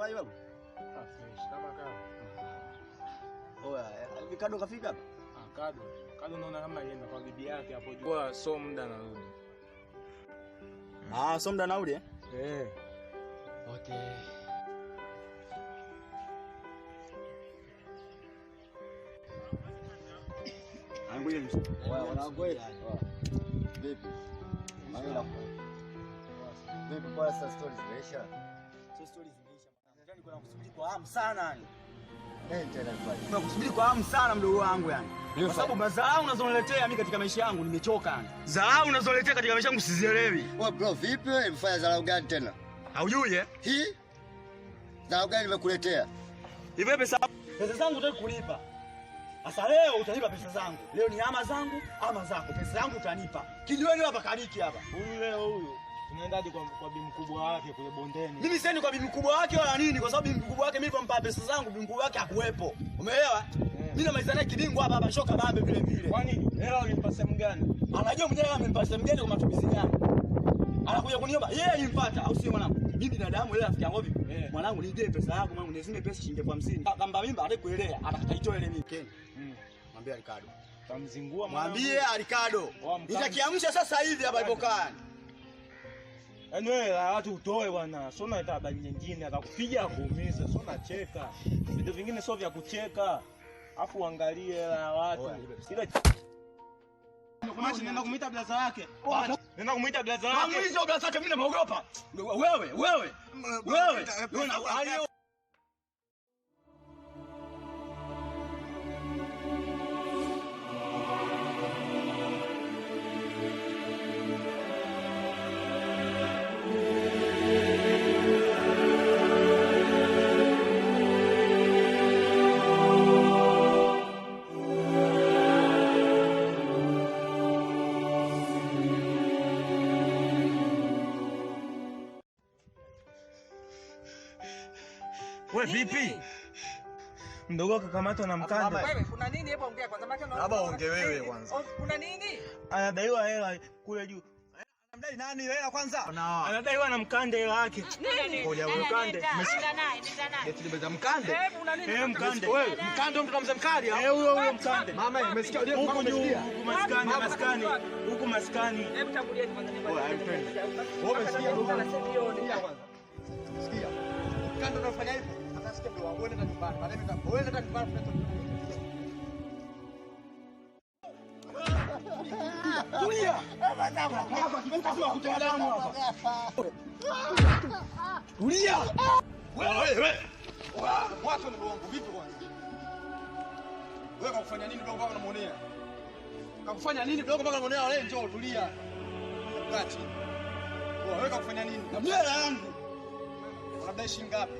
Habari babu? Ah, oh, eh, eh, kado kafika hapa? Ah, Kado. Kado naona kama yenda kwa bibi yake hapo juu. Kwa so muda narudi. Ah, so muda narudi eh? Eh. Okay. Angoje. Oya, wanagoja. Vipi? Mimi na Vipi kwa sasa stories zimeisha? Sasa stories nilikuwa yaani nakusubiri kwa hamu sana yani. Eh, nakusubiri kwa hamu sana mdogo wangu yani. Kwa sababu madharau unazoniletea mimi katika maisha yangu nimechoka yani. Dharau unazoletea katika maisha yangu sizielewi. Wewe oh, bro, vipi wewe ulifanya dharau gani tena? Haujui eh? Hii? Dharau gani nimekuletea? Hivi pesa pesa zangu utaki kulipa. Sasa leo utanipa pesa zangu. Leo ni ama zangu ama zako. Pesa zangu utanipa. Kijiweni hapa kariki hapa. Huyu leo huyu anaenda kwa, kwa bibi mkubwa wake kule bondeni. Mimi siendi kwa bibi mkubwa wake wala nini, kwa sababu bibi mkubwa wake mimi nilipompa pesa zangu bibi mkubwa wake hakuwepo. Umeelewa? Yeah. Mimi namaliza naye kibingwa hapa hapa shoka babe vile vile. Kwani hela ulimpa sehemu gani? Anajua mwenyewe amempa sehemu gani kwa matumizi gani? Anakuja kuniomba yeye alimpata au sio mwanangu? Mimi binadamu yeye rafiki yangu vipi? Yeah. Mwanangu nijie pesa yako mwanangu nizime pesa shilingi 50. Kamba mimba atakuelea atakataitoa ile mimi Kenya. Mm. Mwambie Ricardo. Tamzingua mwanangu. mwambie Ricardo. Nitakiamsha sasa hivi hapa ipo kani. Yaani wewe la watu utoe bwana. Sio na habari nyingine atakupiga akuumiza. Sio na cheka. Vitu vingine sio vya kucheka. Afu uangalie la watu. Kila Kumashi nenda kumuita blaza yake. Nenda kumuita blaza yake. Amuizo blaza yake mimi naogopa. Wewe, wewe. Wewe. Wewe. We vipi? Mdogo wako na mkanda. Wewe kuna nini hebu ongea kwanza maana labda ongee wewe kwanza. Kuna nini? Anadaiwa hela kule juu. Anadai nani hela kwanza? Anadaiwa na mkanda hela yake. Nini? Ngoja huyo mkanda. Nenda naye, nenda naye. Eti nimeza mkande. Eh, kuna nini? Eh, mkande. Wewe, mkanda mtu kama mkali au? Eh, huyo huyo mkanda. Mama, umesikia ndio mama juu. Huko maskani, maskani. Huko maskani. Hebu tangulia kwanza. Wewe umesikia ndio unasema hiyo ndio kwanza. Sikia. Mkanda unafanya hivi. Watu ni mlongo vipi kwanza? Wewe kakufanya nini mdogo mpaka unamwonea? Kakufanya nini mdogo mpaka unamwonea? Wewe njoo tulia. Kati. Wewe kakufanya nini? Na mjela yangu. Unadai shilingi ngapi?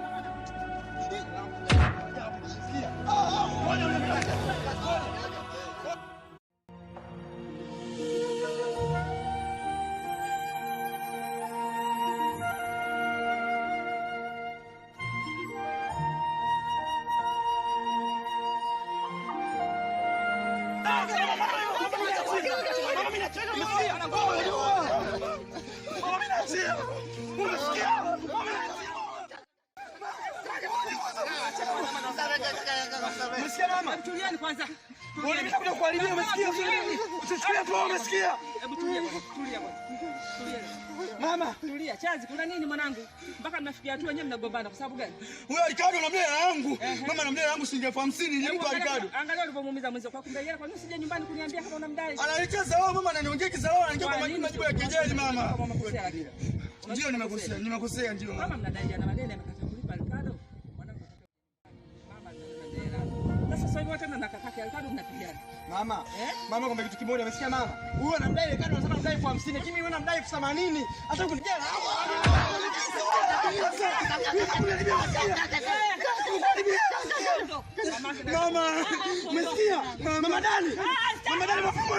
Msikia mama, mtulieni kwanza. Nimekuja kuharibia, umesikia? Usichukulie poa, umesikia? Hebu tulia bwana, tulia bwana. Mama, tulia. Chazi, kuna nini mwanangu? Mpaka mnafikia hatua wenyewe mnagombana kwa sababu gani? Huyo Ricardo anamlea yangu. Mama anamlea yangu shilingi elfu hamsini nilimpa Ricardo. Angalia ulivyomuumiza mwenzi kwa kumbe yeye kwa nini sije nyumbani kuniambia kama unamdai? Ananitia sawa mama, ananiongea kisawa, anaongea kwa majibu ya kejeli mama. Ndio nimekosea, nimekosea ndio. Mama mnadaiana maneno, amekataa kulipa Ricardo. Mwanangu. Mama ndio. Sasa sasa wote Mama, eh? Mama kumbe kitu kimoja umesikia mama? Huyu anamdai ile kadi unasema anadai elfu hamsini, lakini mimi namdai elfu themanini. Hata huko jela. Mama, umesikia? Mama Dani. Mama Dani mafumbo.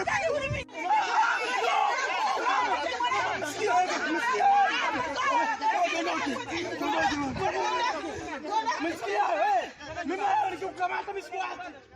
Umesikia? Mimi leo nikikukamata mimi siku